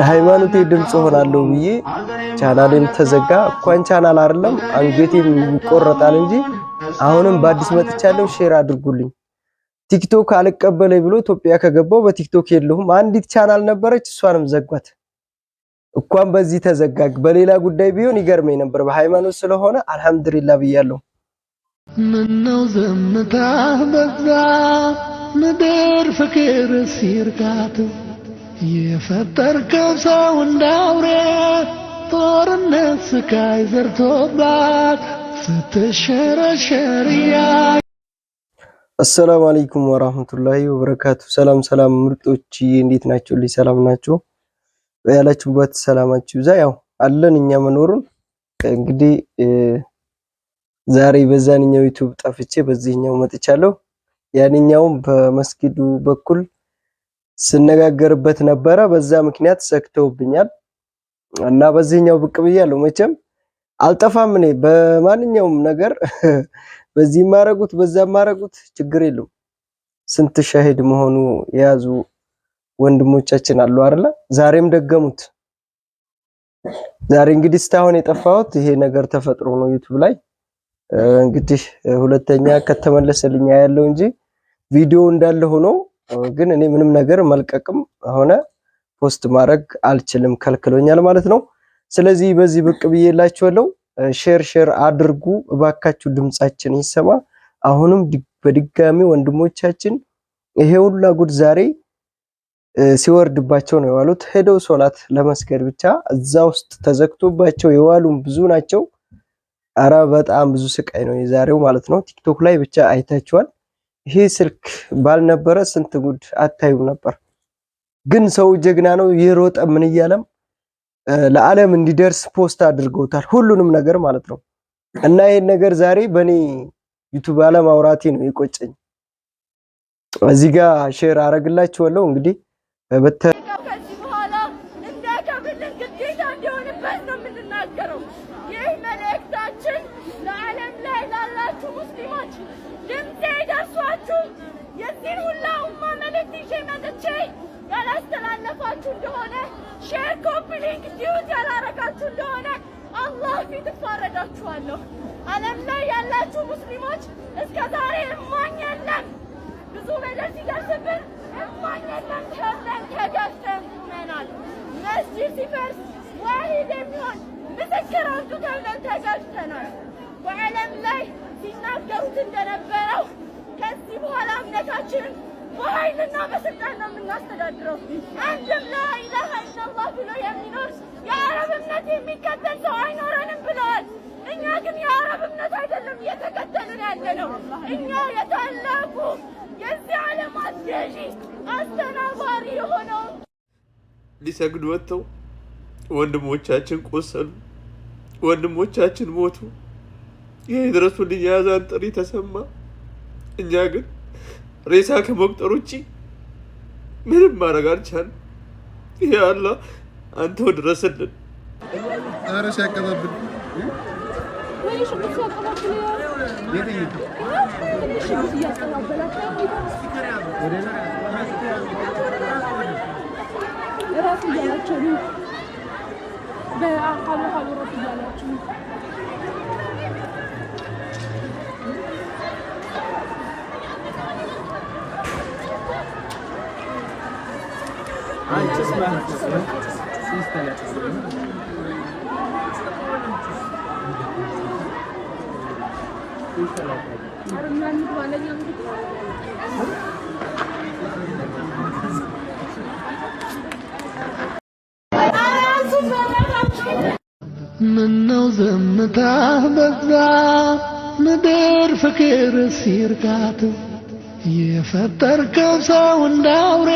ለሃይማኖቴ ድምፅ ሆናለሁ ብዬ ቻናሌም ተዘጋ። እንኳን ቻናል አይደለም አንገቴም ይቆረጣል እንጂ አሁንም በአዲስ መጥቻለሁ። ሼር አድርጉልኝ። ቲክቶክ አልቀበለ ብሎ ኢትዮጵያ ከገባው በቲክቶክ የለሁም። አንዲት ቻናል ነበረች፣ እሷንም ዘጓት። እንኳን በዚህ ተዘጋ። በሌላ ጉዳይ ቢሆን ይገርመኝ ነበር። በሃይማኖት ስለሆነ አልሐምዱሊላ ብያለሁ። ምነው ዘምታ በዛ ምድር ፍቅር ሲርጋት የፈጠርከው ሰው እንዳውሬ ጦርነት ስቃይ ዘርቶባት ስትሸረሸርያ አሰላሙ አለይኩም ወራህመቱላሂ ወበረካቱ። ሰላም ሰላም ምርጦች እንዴት ናቸው? ልጅ ሰላም ናቸው ያላችሁበት ሰላማችሁ ይብዛ። ያው አለን እኛ መኖሩን እንግዲህ ዛሬ በዛንኛው ዩቲዩብ ጠፍቼ በዚህኛው መጥቻለሁ። ያንኛውም በመስጊዱ በኩል ስነጋገርበት ነበረ። በዛ ምክንያት ሰክተውብኛል እና በዚህኛው ብቅ ብያለሁ። መቼም አልጠፋም እኔ በማንኛውም ነገር በዚህ ማረጉት በዛ ማረጉት ችግር የለም። ስንት ሻሂድ መሆኑ የያዙ ወንድሞቻችን አሉ አይደለ? ዛሬም ደገሙት። ዛሬ እንግዲህ እስካሁን የጠፋሁት ይሄ ነገር ተፈጥሮ ነው ዩቱብ ላይ እንግዲህ ሁለተኛ ከተመለሰልኝ ያለው እንጂ ቪዲዮ እንዳለ ሆኖ ግን እኔ ምንም ነገር መልቀቅም ሆነ ፖስት ማድረግ አልችልም፣ ከልክሎኛል ማለት ነው። ስለዚህ በዚህ ብቅ ብዬላችኋለሁ። ሼር ሼር አድርጉ እባካችሁ፣ ድምጻችን ይሰማ። አሁንም በድጋሚ ወንድሞቻችን ይሄ ሁላ ጉድ ዛሬ ሲወርድባቸው ነው የዋሉት። ሄደው ሶላት ለመስገድ ብቻ እዛ ውስጥ ተዘግቶባቸው የዋሉም ብዙ ናቸው። አረ በጣም ብዙ ስቃይ ነው የዛሬው ማለት ነው። ቲክቶክ ላይ ብቻ አይታችኋል። ይሄ ስልክ ባልነበረ ስንት ጉድ አታዩም ነበር። ግን ሰው ጀግና ነው። የሮጠ ምን እያለም ለዓለም እንዲደርስ ፖስት አድርገውታል፣ ሁሉንም ነገር ማለት ነው። እና ይሄን ነገር ዛሬ በእኔ ዩቱብ አለማውራቴ ነው የቆጨኝ። እዚህ ጋር ሼር አረግላችኋለሁ እንግዲህ ይህ ድምፄ ደርሷችሁ የዚህን ሁላ መልእክት ይዤ መጥቼ ያላስተላለፋችሁ እንደሆነ ሼር፣ ኮፒ ሊንክ፣ ዲዩት ያላረጋችሁ እንደሆነ አላህ ፊት እፋረዳችኋለሁ። ዓለም ላይ ያላችሁ ሙስሊሞች እስከ ዛሬ እማኝ የለም ብዙ በደል ሲደርስብን እማኝ የለም ተብለን ተገፍተን ቁመናል። መስጂድ ሲፈርስ ዋሂድ የሚሆን ምስክር አምጡ ተብለን ተገፍተናል። በዓለም ላይ በኃይልና በስልጣን ነው የምናስተዳድረው። አንድም ላኢላሃ ኢለላህ ብሎ የሚኖር የአረብ እምነት የሚከተል ሰው አይኖረንም ብለዋል። እኛ ግን የአረብ እምነት አይደለም እየተከተልን ያለ ነው። እኛ የታላቁ የዚህ ዓለም አስገዢ አስተናባሪ የሆነው ሊሰግድ ወጥተው ወንድሞቻችን ቆሰሉ፣ ወንድሞቻችን ሞቱ። ይህ ድረሱልኝ የአዛን ጥሪ ተሰማ። እኛ ግን ሬሳ ከመቁጠር ውጭ ምንም ማድረግ አልቻልም። ይሄ አላ አንተ ድረስልን። ኧረ ሲያቀባብል ራሱ እያላቸው ምነው ዝምታ በዛ ምድር ፍቅር ሲርቃት የፈጠርከው ሰው እንዳውሬ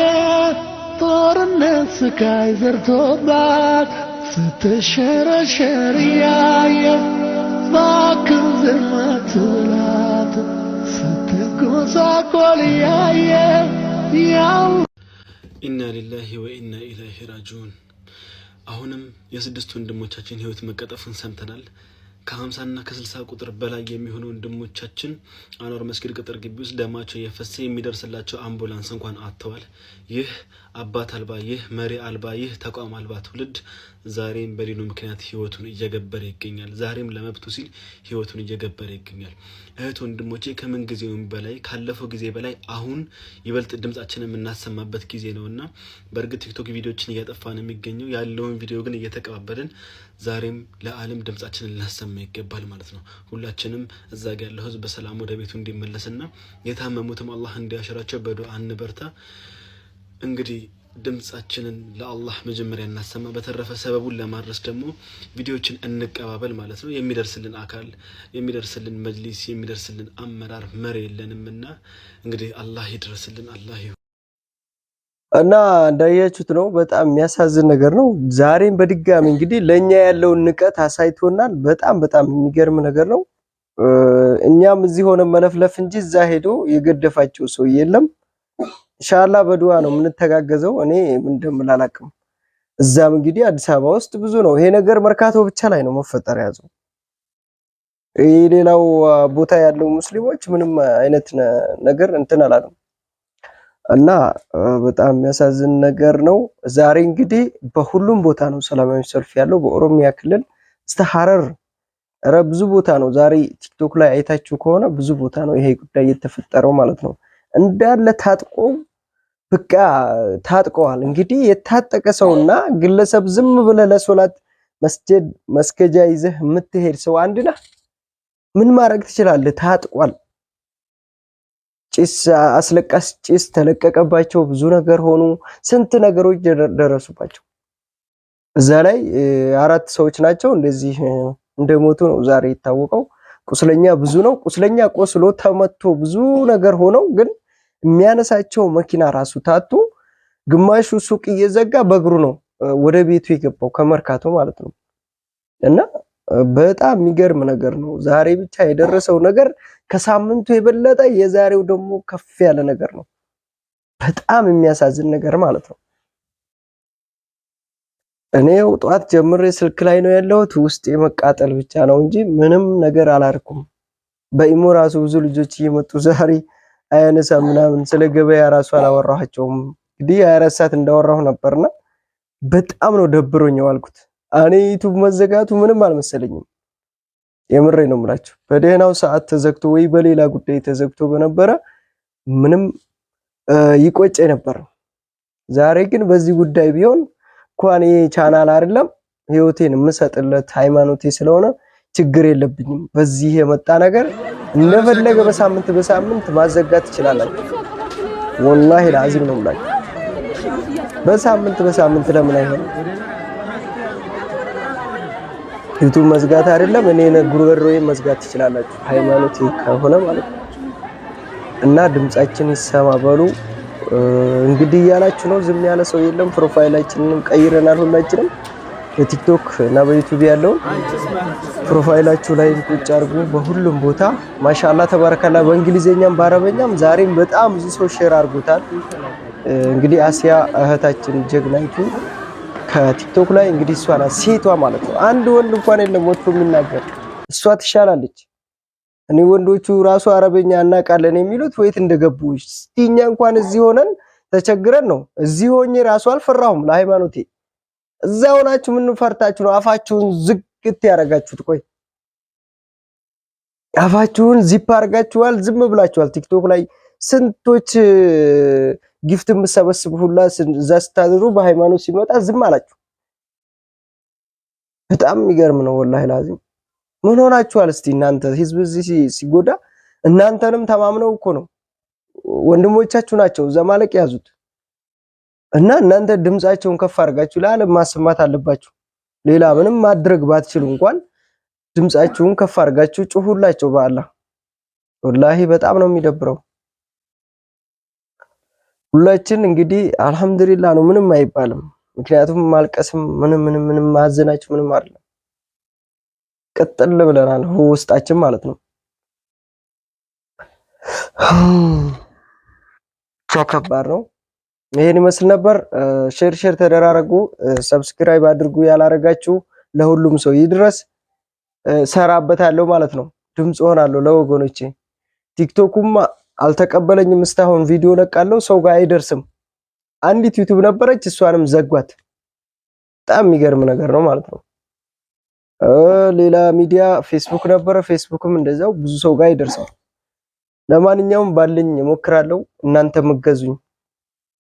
ስቃይ ዘርቶባት ስትሸረሸር ያየ ባክን ዝም አትላት ስትጎሳቆል ያየ ያው ኢና ሊላሂ ወኢና ኢላሂ ራጂዑን። አሁንም የስድስት ወንድሞቻችን ህይወት መቀጠፉን ሰምተናል። ከ50ና ከ60 ቁጥር በላይ የሚሆኑ ወንድሞቻችን አኗር መስጊድ ቅጥር ግቢ ውስጥ ደማቸው የፈሰ የሚደርስላቸው አምቡላንስ እንኳን አጥተዋል። ይህ አባት አልባ፣ ይህ መሪ አልባ፣ ይህ ተቋም አልባ ትውልድ ዛሬም በዲኑ ምክንያት ህይወቱን እየገበረ ይገኛል። ዛሬም ለመብቱ ሲል ህይወቱን እየገበረ ይገኛል። እህት ወንድሞቼ፣ ከምን ጊዜውም በላይ ካለፈው ጊዜ በላይ አሁን ይበልጥ ድምጻችን የምናሰማበት ጊዜ ነው እና በእርግጥ ቲክቶክ ቪዲዮችን እያጠፋን የሚገኘው ያለውን ቪዲዮ ግን እየተቀባበልን ዛሬም ለዓለም ድምጻችንን ልናሰማ ይገባል ማለት ነው። ሁላችንም እዛ ጋ ያለው ህዝብ በሰላም ወደ ቤቱ እንዲመለስና የታመሙትም አላህ እንዲያሽራቸው በዱዓ እንበርታ። እንግዲህ ድምጻችንን ለአላህ መጀመሪያ እናሰማ። በተረፈ ሰበቡን ለማድረስ ደግሞ ቪዲዮችን እንቀባበል ማለት ነው። የሚደርስልን አካል፣ የሚደርስልን መጅሊስ፣ የሚደርስልን አመራር መሪ የለንም እና እንግዲህ አላህ ይድረስልን አላህ እና እንዳያችሁት ነው። በጣም የሚያሳዝን ነገር ነው። ዛሬም በድጋሚ እንግዲህ ለእኛ ያለውን ንቀት አሳይቶናል። በጣም በጣም የሚገርም ነገር ነው። እኛም እዚህ ሆነ መለፍለፍ እንጂ እዛ ሄዶ የገደፋቸው ሰው የለም። ሻላ በዱዋ ነው የምንተጋገዘው። እኔ ምን እንደምል አላውቅም። እዛም እንግዲህ አዲስ አበባ ውስጥ ብዙ ነው ይሄ ነገር። መርካቶ ብቻ ላይ ነው መፈጠር ያዘው። ይህ ሌላው ቦታ ያለው ሙስሊሞች ምንም አይነት ነገር እንትን አላለም። እና በጣም የሚያሳዝን ነገር ነው። ዛሬ እንግዲህ በሁሉም ቦታ ነው ሰላማዊ ሰልፍ ያለው። በኦሮሚያ ክልል እስተ ሀረር ረ ብዙ ቦታ ነው። ዛሬ ቲክቶክ ላይ አይታችሁ ከሆነ ብዙ ቦታ ነው ይሄ ጉዳይ የተፈጠረው ማለት ነው። እንዳለ ታጥቆ በቃ ታጥቀዋል። እንግዲህ የታጠቀ ሰውና ግለሰብ ዝም ብለህ ለሶላት መስጀድ መስገጃ ይዘህ የምትሄድ ሰው አንድ ነህ። ምን ማድረግ ትችላለህ? ታጥቋል። ጭስ አስለቃስ ጭስ ተለቀቀባቸው። ብዙ ነገር ሆኑ። ስንት ነገሮች ደረሱባቸው። እዛ ላይ አራት ሰዎች ናቸው እንደዚህ እንደሞቱ ነው ዛሬ የታወቀው። ቁስለኛ ብዙ ነው። ቁስለኛ ቆስሎ ተመቶ ብዙ ነገር ሆነው ግን የሚያነሳቸው መኪና ራሱ ታጡ። ግማሹ ሱቅ እየዘጋ በእግሩ ነው ወደ ቤቱ የገባው ከመርካቶ ማለት ነው እና በጣም የሚገርም ነገር ነው። ዛሬ ብቻ የደረሰው ነገር ከሳምንቱ የበለጠ የዛሬው ደግሞ ከፍ ያለ ነገር ነው። በጣም የሚያሳዝን ነገር ማለት ነው። እኔው ጠዋት ጀምሬ ስልክ ላይ ነው ያለሁት። ውስጥ የመቃጠል ብቻ ነው እንጂ ምንም ነገር አላርኩም። በኢሞ ራሱ ብዙ ልጆች እየመጡ ዛሬ አያነሳ ምናምን ስለ ገበያ ራሱ አላወራኋቸውም። እንግዲህ አያረሳት ሰዓት እንዳወራሁ ነበርና በጣም ነው ደብሮኝ የዋልኩት። እኔ ዩቱብ መዘጋቱ ምንም አልመሰለኝም። የምሬ ነው የምላቸው በደህናው ሰዓት ተዘግቶ ወይ በሌላ ጉዳይ ተዘግቶ በነበረ ምንም ይቆጭ ነበር። ዛሬ ግን በዚህ ጉዳይ ቢሆን እንኳን ይሄ ቻናል አይደለም ህይወቴን የምሰጥለት ሃይማኖቴ ስለሆነ ችግር የለብኝም። በዚህ የመጣ ነገር እንደፈለገ በሳምንት በሳምንት ማዘጋት ትችላላችሁ። ወላሂ ለአዚም ነው የምላችሁ። በሳምንት በሳምንት ለምን አይሆንም? ፊቱን መዝጋት አይደለም እኔ ጉሮሮዬን መዝጋት ትችላላችሁ፣ ሃይማኖት ከሆነ ማለት ነው። እና ድምጻችን ይሰማ በሉ እንግዲህ እያላችሁ ነው። ዝም ያለ ሰው የለም። ፕሮፋይላችንንም ቀይረናል ሁላችንም በቲክቶክ እና በዩቲዩብ ያለውን ፕሮፋይላችሁ ላይ ቁጭ አድርጉ። በሁሉም ቦታ ማሻላ ተባረካላ። በእንግሊዝኛም በአረበኛም ዛሬም በጣም ብዙ ሰው ሼር አድርጎታል። እንግዲህ አሲያ እህታችን ጀግናይቱ ከቲክቶክ ላይ እንግዲህ እሷ ናት ሴቷ ማለት ነው። አንድ ወንድ እንኳን የለም ወጥቶ የሚናገር እሷ ትሻላለች። እኔ ወንዶቹ ራሱ አረበኛ እናውቃለን የሚሉት ወይት እንደገቡ እስቲ እኛ እንኳን እዚህ ሆነን ተቸግረን ነው። እዚህ ሆኜ ራሱ አልፈራሁም ለሃይማኖቴ። እዛ ሆናችሁ ምን ፈርታችሁ ነው አፋችሁን ዝግት ያደረጋችሁት? ቆይ አፋችሁን ዚፕ አድርጋችኋል፣ ዝም ብላችኋል። ቲክቶክ ላይ ስንቶች ጊፍት የምሰበስብ ሁላ እዛ ስታድሩ በሃይማኖት ሲመጣ ዝም አላችሁ። በጣም የሚገርም ነው። ወላሂ ላዚም ምን ሆናችኋል? እስቲ እናንተ ህዝብ እዚህ ሲጎዳ እናንተንም ተማምነው እኮ ነው ወንድሞቻችሁ ናቸው እዛ ማለቅ ያዙት እና እናንተ ድምፃቸውን ከፍ አድርጋችሁ ለዓለም ማሰማት አለባችሁ። ሌላ ምንም ማድረግ ባትችሉ እንኳን ድምፃችሁን ከፍ አድርጋችሁ ጩሁላቸው በአላህ ወላሂ በጣም ነው የሚደብረው። ሁላችን እንግዲህ አልሐምዱሊላ ነው፣ ምንም አይባልም። ምክንያቱም ማልቀስም ምንም ምንም ምንም ማዘናችሁ ምንም አይደለም። ቀጥል ብለናል ውስጣችን ማለት ነው። ከባድ ነው። ይሄን ይመስል ነበር። ሼር ሼር ተደራረጉ፣ ሰብስክራይብ አድርጉ። ያላረጋችሁ ለሁሉም ሰው ይድረስ። ሰራበታለሁ ማለት ነው። ድምፅ ሆናለሁ ለወገኖቼ ቲክቶኩም አልተቀበለኝም። እስካሁን ቪዲዮ ለቃለው ሰው ጋር አይደርስም። አንዲት ዩቲዩብ ነበረች፣ እሷንም ዘጓት። በጣም የሚገርም ነገር ነው ማለት ነው። ሌላ ሚዲያ ፌስቡክ ነበረ፣ ፌስቡክም እንደዛው ብዙ ሰው ጋር አይደርስም። ለማንኛውም ባልኝ እሞክራለሁ። እናንተ ምገዙኝ።